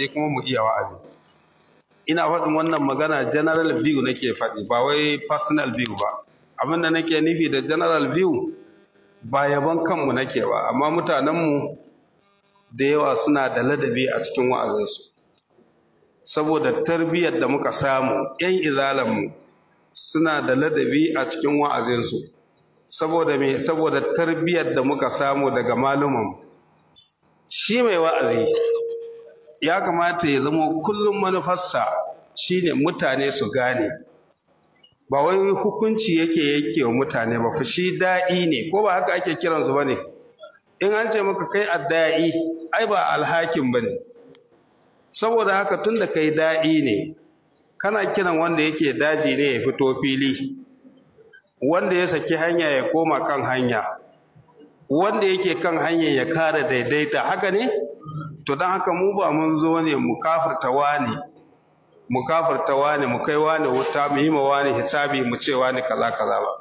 sai kuma mu iya wa'azi ina faɗin wannan magana general view nake faɗi ba wai personal view ba Abin abinda nake nufi da general view ba yaban kanmu nake ba amma mutanenmu da yawa suna da ladabi a cikin wa'azinsu saboda tarbiyyar da muka samu 'yan izalanmu suna da ladabi a cikin wa'azinsu saboda me saboda tarbiyyar da muka samu daga malumanmu shi mai wa'azi ya kamata ya zama kullum manufarsa shine mutane su gane ba wani hukunci yake yanke wa mutane ba fa shi da'i ne ko ba haka ake kiransu ba ne in an ce maka kai adda'i ai ba alhakin ba ne saboda haka tun da kai da'i ne kana kiran wanda yake daji ne ya fito fili wanda ya saki hanya ya koma kan hanya wanda yake kan hanya ya kara daidaita haka ne to don haka mu ba mun zo ne mu kafirta wani mu kafirta wani mu kai wani wuta mu yi ma wani hisabi mu ce wani kaza kaza ba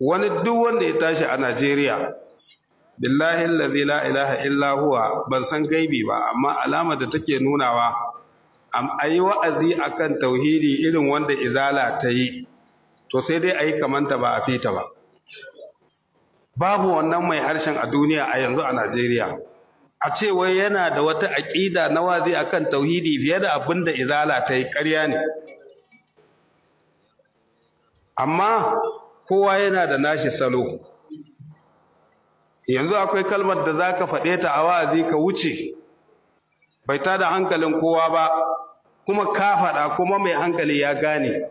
wani duk wanda ya tashi a Najeriya billahi allazi la ilaha illa huwa ban san gaibi ba amma alamar da take nunawa am ayi wa'azi akan tauhidi irin wanda izala ta yi to sai dai ayi kamanta ba a fita ba babu wannan mai harshen a duniya a yanzu a Najeriya a ce wai yana da wata aƙida na wazi kan tauhidi fiye da abin da izala ta yi ƙarya ne amma kowa yana da nashi salo yanzu akwai kalmar da za ka faɗe ta a wa'azi ka wuce bai ta da hankalin kowa ba kuma ka faɗa kuma mai hankali ya gane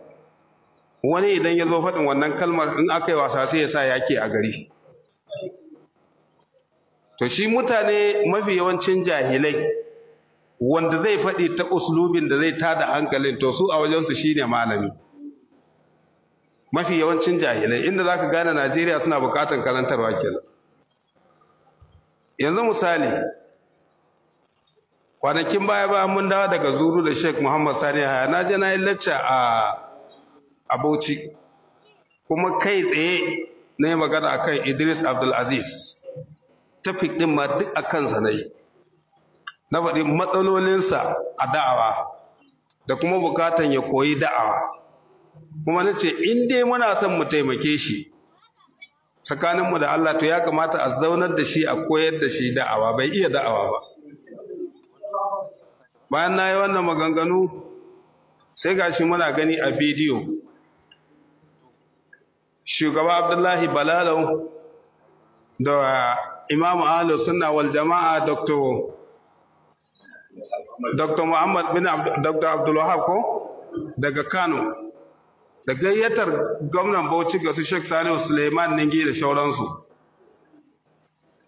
wani idan ya zo faɗin wannan kalmar in aka yi wasa sai ya sa yake a gari to shi mutane mafi yawancin jahilai wanda zai faɗi ta uslubin da zai tada hankalin to su a wajensu shine malami mafi yawancin jahilai inda zaka gane Najeriya suna bukatan karantar kenan yanzu misali kwanakin baya ba mun dawo daga zuru da Sheikh Muhammad Sani Haya na je na yi lacca a a Bauchi kuma kai tsaye na yi magana akan Idris Abdulaziz. tafik ɗin ma duk a kansa na yi na faɗi matsalolinsa a da'awa da kuma bukatan ya koyi da'awa kuma na ce in dai muna son mu taimake shi tsakaninmu da Allah to ya kamata a zaunar da shi a koyar da shi da'awa bai iya da'awa ba bayan na yi wannan maganganu sai gashi muna gani a bidiyo shugaba abdullahi balalau da imamu ahlu sunna wal jama'a dr dr muhammad bin dr abdul ko daga kano da gayyatar gwamnan bauchi ga su sheikh sani suleiman ningi da shauransu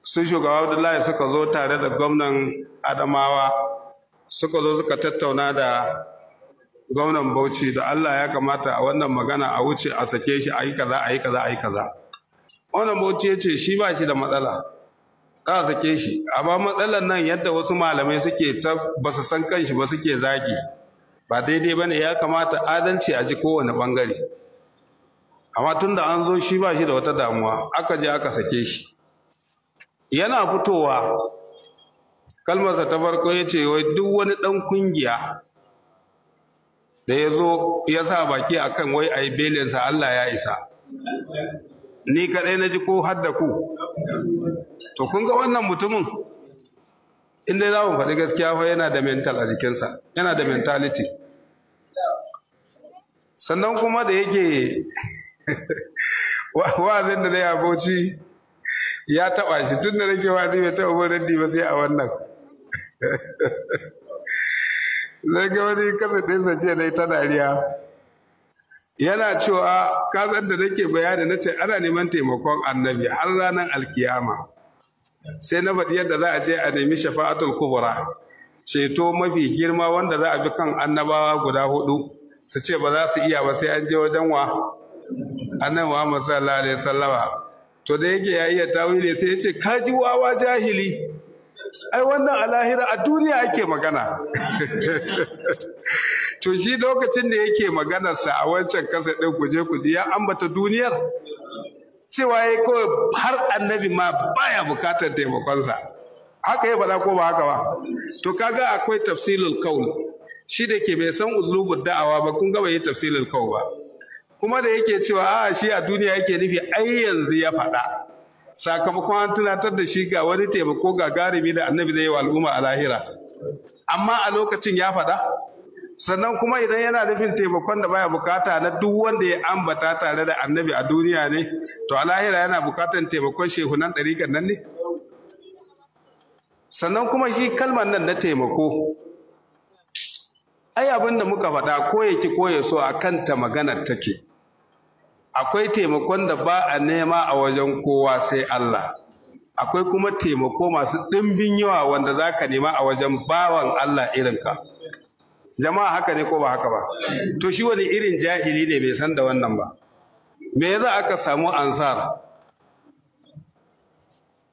su shugaba abdullahi suka zo tare da gwamnan adamawa suka zo suka tattauna da gwamnan bauchi da allah ya kamata a wannan magana a wuce a sake shi a yi kaza a yi kaza a yi kaza wannan bauchi ya ce shi ba shi da matsala za a sake shi amma matsalar nan yadda wasu malamai suke ta ba su san kanshi ba suke zagi ba daidai ba ne ya kamata adalci a ji kowane bangare amma tun da an zo shi ba shi da wata damuwa aka je aka sake shi yana fitowa kalmarsa ta farko ya ce wai duk wani ɗan kungiya da ya zo ya sa baki a kan wai a yi belinsa Allah ya isa ni kaɗai na ji ko har da ku to kun ga wannan mutumin in dai za mu faɗi gaskiya fa yana da mental a jikinsa yana da mentality sannan kuma da yake wazin da zai aboci ya taɓa shi tun da nake wazi bai taɓa bin raddi ba sai a wannan zai ga wani kasa ɗinsa jiya na ta dariya yana cewa kasan da nake bayani na ce ana neman taimakon annabi har ranar alkiyama sai na faɗi yadda za a je a nemi shafa'atul kubura. ceto mafi girma wanda za a bi kan annabawa guda hudu su ce ba za su iya ba sai an je wajen wa annan wa masallah alaihi sallama to da yake ya iya tawili sai ya ce kaji wawa jahili ai wannan a lahira a duniya ake magana to shi lokacin da yake maganarsa a wancan kasa ɗin kuje kuje ya ambata duniyar cewa ya kawai har annabi ma baya bukatar taimakonsa haka ya faɗa ko ba haka ba to kaga akwai tafsilul kaul shi da ke bai san uzlubu da'awa ba kun ga bai yi tafsilul kaul ba kuma da yake cewa a ah, shi a duniya yake nufi ai yanzu ya faɗa sakamakon an tunatar da shi ga wani taimako ga garibi da annabi zai yi wa al'umma a lahira amma a lokacin ya faɗa sannan kuma idan yana nufin taimakon da baya bukata na duk wanda ya ambata tare da annabi a duniya ne to a yana bukatan taimakon shehunan ɗariƙar nan ne sannan kuma shi kalmar nan na taimako ai abin da muka faɗa ko yake ko ya so a kanta maganar take akwai taimakon da ba a nema a wajen kowa sai Allah akwai kuma taimako masu ɗimbin yawa wanda za ka nema a wajen bawan Allah irinka. ka jama'a haka ne ko ba haka ba to shi wani irin jahili ne bai san da wannan ba me za aka samu ansar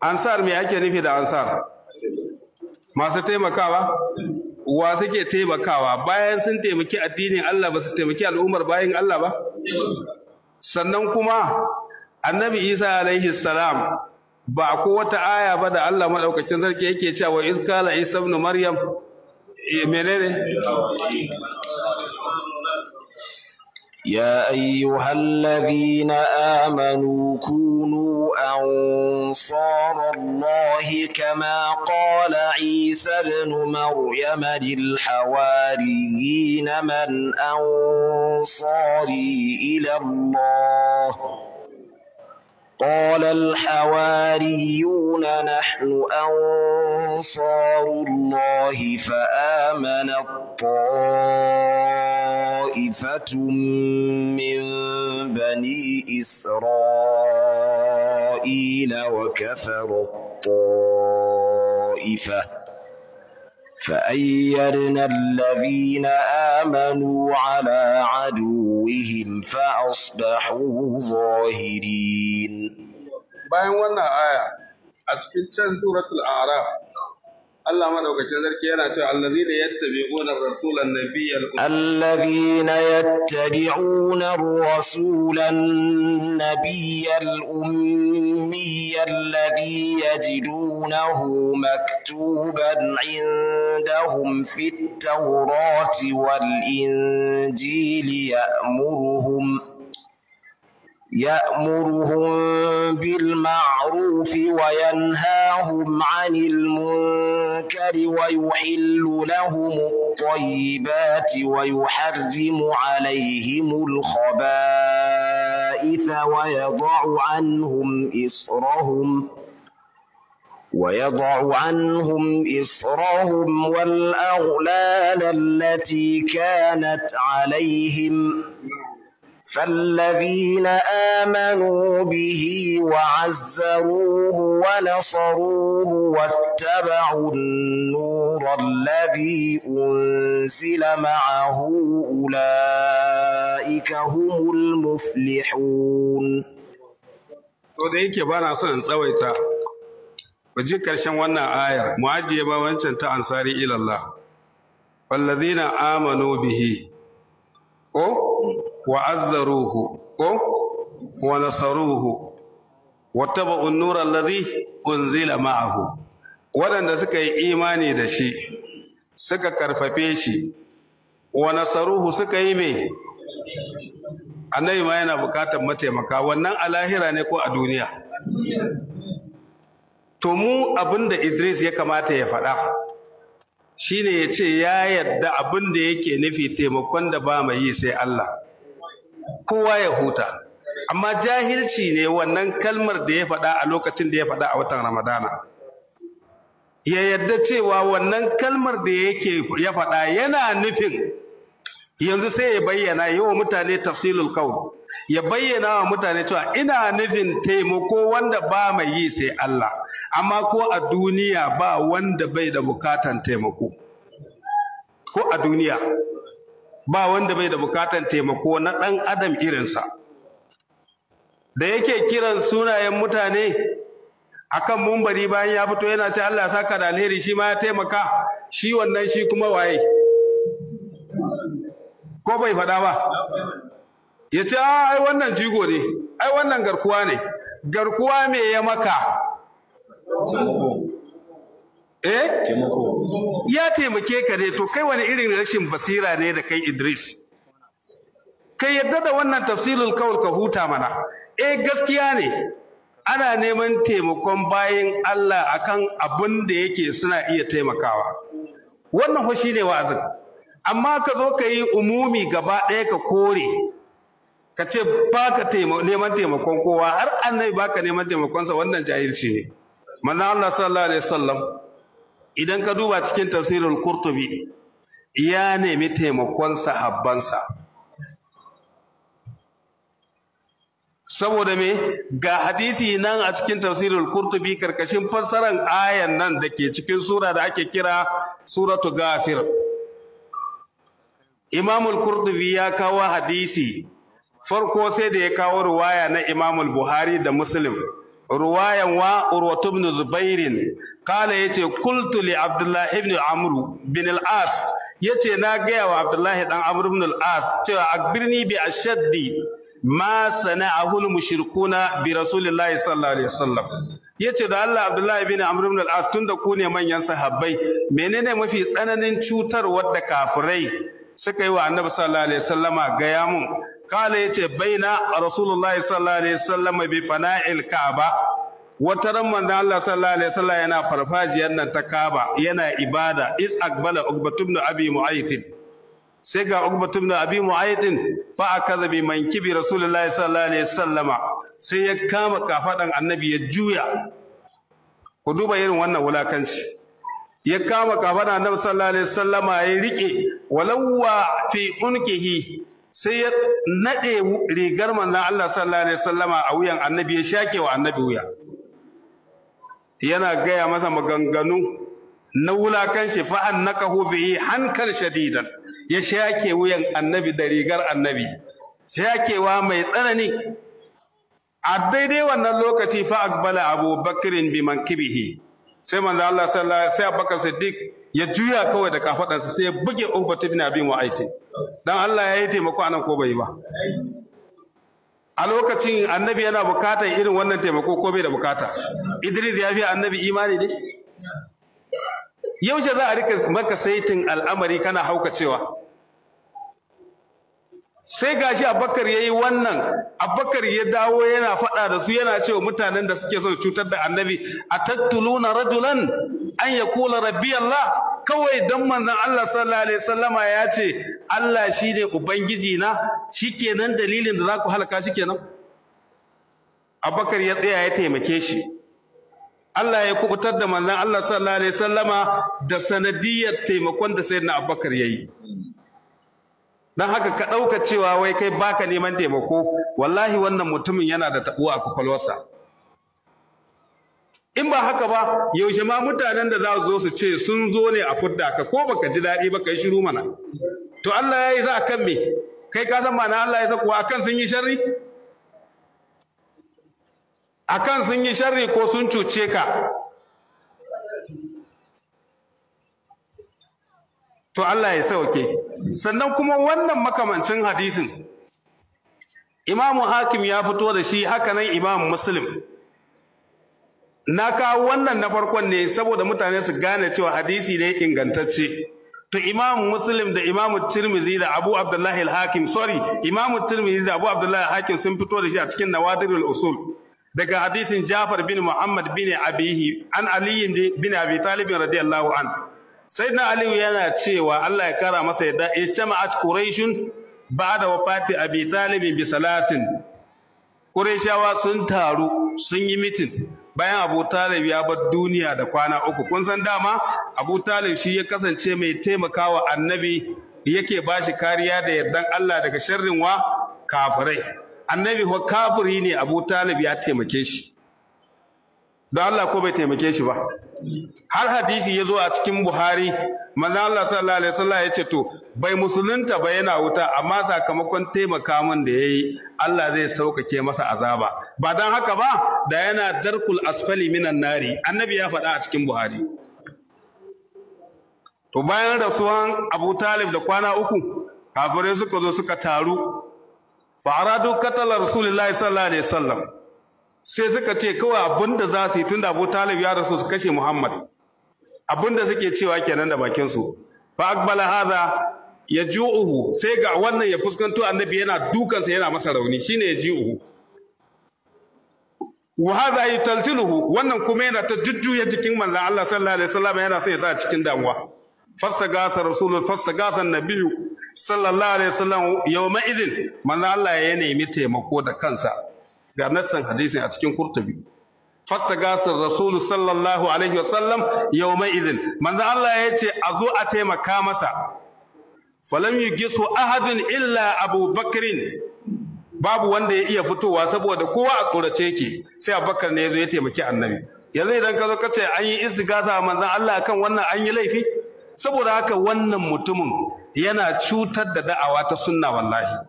ansar me ake nufi da ansar masu taimakawa wa suke taimakawa bayan sun taimaki addinin Allah ba su taimaki al'ummar bayan Allah ba sannan kuma annabi Isa alaihi salam ba ko wata aya ba da Allah madaukakin sarki yake cewa iskala isa ibn maryam إيه، يا أيها الذين آمنوا كونوا أنصار الله كما قال عيسى ابن مريم للحواريين من أنصاري إلى الله قال الحواريون نحن أنصار الله فآمن الطائفة من بني إسرائيل وكفر الطائفة فأيرنا الذين آمنوا على عدوهم فأصبحوا ظاهرين باين وانا آية أتكلم سورة الأعراف Allah madaukakin sarki yana cewa allazina yattabi'una ar-rasula an-nabiyya allazina yattabi'una ar-rasula an-nabiyya al yajidunahu maktuban 'indahum fit-tawrati wal-injili ya'muruhum يأمرهم بالمعروف وينهاهم عن المنكر ويحل لهم الطيبات ويحرم عليهم الخبائث ويضع عنهم إصرهم ويضع عنهم إصرهم والأغلال التي كانت عليهم ۖ فالذين آمنوا به وعزروه ونصروه واتبعوا النور الذي أنزل معه أولئك هم المفلحون to da yake ba na son in tsawaita ku ji ƙarshen wannan ayar mu ajiye ba wancan ta ansari ilallah wallazina amanu bihi ko wa ko wa nasaruhu wa waɗanda suka yi imani da shi suka karfafe shi wa nasaruhu suka yi me annabi ma yana bukatar mataimaka wannan a lahira ne ko a duniya to mu abinda Idris ya kamata ya faɗa shine ya ce ya yadda abinda yake nufi taimakon da ba mai yi sai Allah kowa ya huta amma jahilci ne wannan kalmar da ya faɗa a lokacin da ya faɗa a watan ramadana ya yarda cewa wannan kalmar da yake ya faɗa yana nufin yanzu sai ya bayyana yi wa mutane tafsilul kawo ya bayyana wa mutane cewa ina nufin taimako wanda ba mai yi sai Allah amma ko a duniya ba wanda bai da bukatan taimako ko a duniya ba wanda bai da bukatan taimako na ɗan adam irinsa da yake kiran sunayen mutane akan mumbari bayan ya fito yana ce Allah ya saka da alheri shi ma ya taimaka shi wannan shi kuma waye ko bai faɗa ba ya ce ah, ai wannan jigo ne ai wannan garkuwa ne garkuwa me ya maka eh taimako ya taimake ka ne to kai wani irin rashin basira ne da kai Idris kai yadda da wannan tafsirul kawul ka huta mana eh gaskiya ne ana neman taimakon bayan Allah akan abin da yake suna iya taimakawa wannan ho ne wa'azin amma ka zo ka yi umumi gaba ɗaya ka kore ka ce ba ka neman taimakon kowa har annabi ba ka neman taimakonsa wannan jahilci ne manzo Allah sallallahu alaihi wasallam idan ka duba cikin tafsirin kurtubi, ya nemi taimakon sahabbansa saboda me ga hadisi nan a cikin tafsirin kurtubi karkashin fassarar ayan nan da ke cikin sura da ake kira suratu gafir? Imamul kurtubi ya kawo hadisi farko sai da ya kawo ruwaya na Imamul Buhari da Muslim ruwayan wa urwatu ibn zubairin kala yace qultu li abdullah ibn amr bin al-as yace na gaya wa abdullahi dan amr ibn al-as cewa akbirni bi ashaddi ma sana'ahu al-mushrikuna bi rasulillahi sallallahu alaihi wasallam yace da Allah abdullahi ibn amr ibn al-as da ku ne manyan sahabbai menene mafi tsananin cutar wadda kafirai suka yi wa annabi sallallahu alaihi wasallama gaya mun kala ce baina rasulullahi sallallahu alaihi wasallam bi fana'il ka'aba wata ran manzo Allah sallallahu alaihi wasallam yana farfajiyar nan ta Kaaba yana ibada is aqbala Uqbatu ibn Abi Mu'ayth sai ga Uqbatu ibn Abi Mu'ayth fa akaza bi mankibi rasulullahi sallallahu alaihi wasallama sai ya kama kafadan annabi ya juya ku duba irin wannan wulakanci ya kama kafadan annabi sallallahu alaihi wasallama ya rike walawwa fi unkihi sai ya nade rigar manzan Allah sallallahu alaihi wasallama a wuyan annabi ya shake wa annabi wuya yana gaya masa maganganu na fa'an fa annakahu bihi hankal shadidan ya shake wuyan annabi da rigar annabi shakewa mai tsanani a daidai wannan lokaci fa bala Abu bakirin bi mankibihi sai manzan Allah sallallahu alaihi sai Abubakar Siddiq ya juya kawai da kafaɗansa sai ya buge Uhbat ibn Abi wa'aiti. dan Allah ya yi taimako anan ko bai ba a lokacin annabi yana bukatar irin wannan taimako ko bai da bukata Idris ya fi annabi imani ne yaushe za a rika maka saitin al'amari kana hauka cewa? sai gashi Abubakar yi wannan Abakar ya dawo yana faɗa da su yana cewa mutanen da suke son cutar da annabi A na rajulan an ya kula rabbi Allah kawai dan manzon Allah sallallahu alaihi wasallama ya ce Allah shine ubangiji na shikenan dalilin da za ku halaka shikenan Abubakar ya tsaya ya taimake shi Allah ya kubutar da manzon Allah sallallahu alaihi wasallama da sanadiyar taimakon da sayyidina Abubakar yayi dan haka ka dauka cewa wai kai baka neman taimako wallahi wannan mutumin yana da tabuwa a kwakwalwarsa in ba haka ba yaushe ma mutanen da za su zo su ce sun zo ne a fudda ka ko baka ji daɗi ba kai shiru mana to Allah ya yi za a kan me kai ka san mana Allah ya sa kuwa akan sun yi sharri akan sun yi sharri ko sun cuce ka to Allah ya sauke sannan kuma wannan makamancin hadisin imamu hakim ya fito da shi haka nan Imam muslim na kawo wannan na farkon ne saboda mutane su gane cewa hadisi ne ingantacce to imam muslim da imam tirmizi da abu abdullahi al-hakim sorry imam tirmizi da abu abdullahi al-hakim sun fito da shi a cikin nawadirul usul daga hadisin jafar bin muhammad bin abihi an ali bin abi talib radiyallahu an sayyidina ali yana cewa Allah ya kara masa yadda ijtama'at quraishun ba'da wafati abi talib bi salasin quraishawa sun taru sun yi mitin bayan Abu Talib ya bar duniya da kwana uku kun san dama Abu Talib shi ya kasance mai taimakawa annabi yake bashi kariya da yardan Allah daga sharrin wa kafirai annabi wa kafiri ne Abu Talib ya taimake shi da Allah ko bai taimake shi ba har hadisi ya zo a cikin Buhari manzo Allah sallallahu alaihi wasallam ya ce to bai musulunta ba yana wuta amma sakamakon taimaka min da yayi Allah zai sauƙaƙe masa azaba ba dan haka ba da yana darkul asfali minan nari annabi ya faɗa a cikin Buhari to bayan rasuwan Abu Talib da kwana uku kafirai suka zo suka taru fa aradu qatala rasulullahi sallallahu alaihi wasallam sai suka ce kawai abin da za su yi tun da Abu Talib ya rasu su kashe Muhammad abin da suke cewa kenan da bakinsu, fa akbala hadha yaju'uhu sai ga wannan ya fuskanto annabi yana dukansa yana masa rauni shine yaju'uhu wa hadha uhu wannan kuma yana ta jujjuya jikin manzon Allah sallallahu alaihi wasallam yana sai ya sa cikin damuwa gasa rasulun fastagasa nabiyu sallallahu alaihi wasallam yawma idin manzo Allah ya nemi taimako da kansa ga nassan hadisin a cikin kurtubi gasar rasulu sallallahu alaihi wa sallam yawma idin manzo Allah ya ce a zo a taimaka masa falam yugisu ahadun illa abu bakrin babu wanda ya iya fitowa saboda kowa a tsorace yake sai abubakar ne ya ya taimaki annabi yanzu idan ka zo ka ce an yi istigasa manzan Allah kan wannan an yi laifi saboda haka wannan mutumin yana cutar da da'awa ta sunna wallahi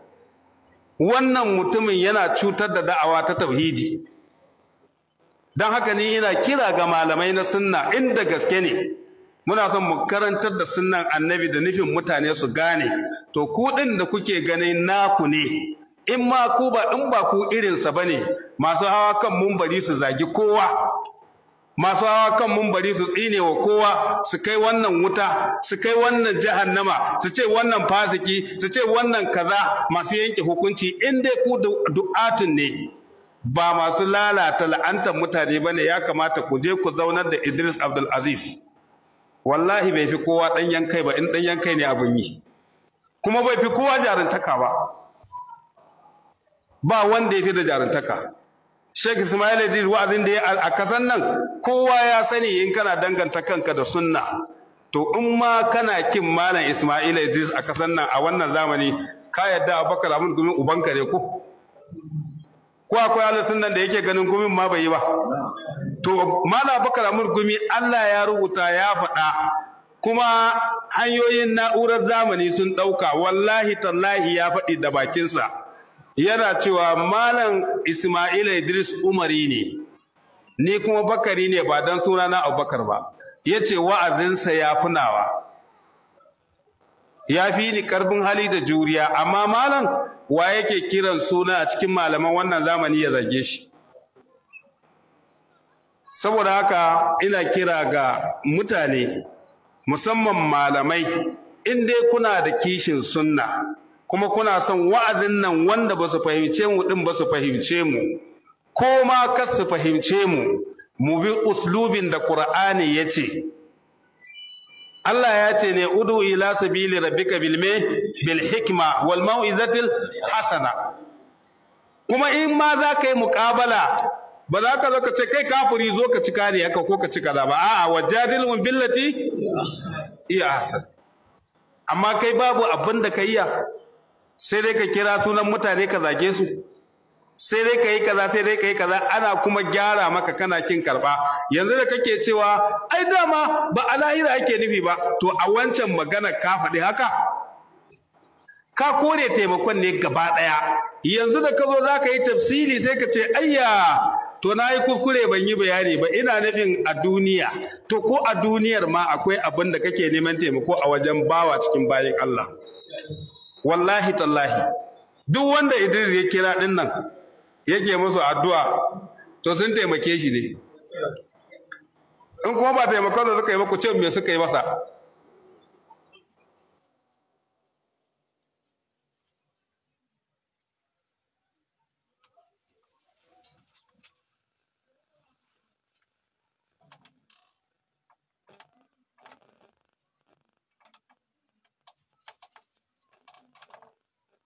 wannan mutumin yana cutar da da'awa ta tauhidi don haka ni ina kira ga malamai na sunna inda gaske ne muna son mu karantar da sunnan annabi da nufin mutane su gane to ku din da kuke ganin naku ne in ma ku ba in ba ku irinsa ba ne. masu hawa kan mumbari su zagi kowa masu hawa kan mumbari su tsine wa kowa su kai wannan wuta su kai wannan jahannama su ce wannan fasiki su ce wannan kaza masu yanke hukunci in dai ku du'atun ne ba masu lalata la'antar mutane ba ne ya kamata ku je ku zaunar da Idris Abdul Aziz wallahi bai fi kowa ɗan yankai ba in ɗan yankai ne abin yi kuma bai fi kowa jarantaka ba ba wanda ya fi da jarantaka Sheikh Ismail Adil wa'azin da ya a kasan nan kowa ya sani in kana danganta kanka da sunna to in ma kana kin malam Ismail Idris a kasan nan a wannan zamani ka yadda Abubakar Ahmad gumin ubanka ne ko ko akwai Allah sunnan da yake ganin gumin ma bai yi ba to malam Abubakar Ahmad gumi Allah ya rubuta ya faɗa kuma hanyoyin na'urar zamani sun ɗauka wallahi tallahi ya faɗi da bakinsa yana cewa malam Ismaila Idris Umari ne ni kuma Bakari ne ba don suna na Abubakar ba Ya ce wa'azinsa ya nawa ya fi ni karbin hali da juriya amma malam wa yake kiran suna a cikin malaman wannan zamani ya zage shi saboda haka ina kira ga mutane musamman malamai in dai kuna da kishin sunna kuma kuna son wa'azin nan wanda ba su fahimce mu ɗin ba su fahimce mu ko ma kar su fahimce mu mu bi uslubin da Qur'ani ya ce Allah ya ce ne udu ila sabili rabbika bil me bil hikma wal mau'izatil hasana kuma in ma za ka yi muƙabala ba za ka zo ka ce kai kafuri zo ka ci kare haka ko ka ci kaza ba a'a mun billati iya hasan amma kai babu abin da ka iya sai dai ka kira sunan mutane ka zage su sai dai ka yi kaza sai dai ka yi kaza ana kuma gyara maka kana kin karba yanzu da kake cewa ai dama ba a lahira ake nufi ba to a wancan magana ka faɗi haka ka kore taimakon ne gaba ɗaya yanzu da ka zo za ka yi tafsiri sai ka ce ayya to na yi kuskure ban yi bayani ba ina nufin a duniya to ko a duniyar ma akwai abin da kake neman taimako a wajen bawa cikin bayan Allah wallahi tallahi duk wanda Idris ya kira din nan yake musu addu'a to sun taimake shi ne in kuma ba taimakon da suka yi muku ce me suka yi masa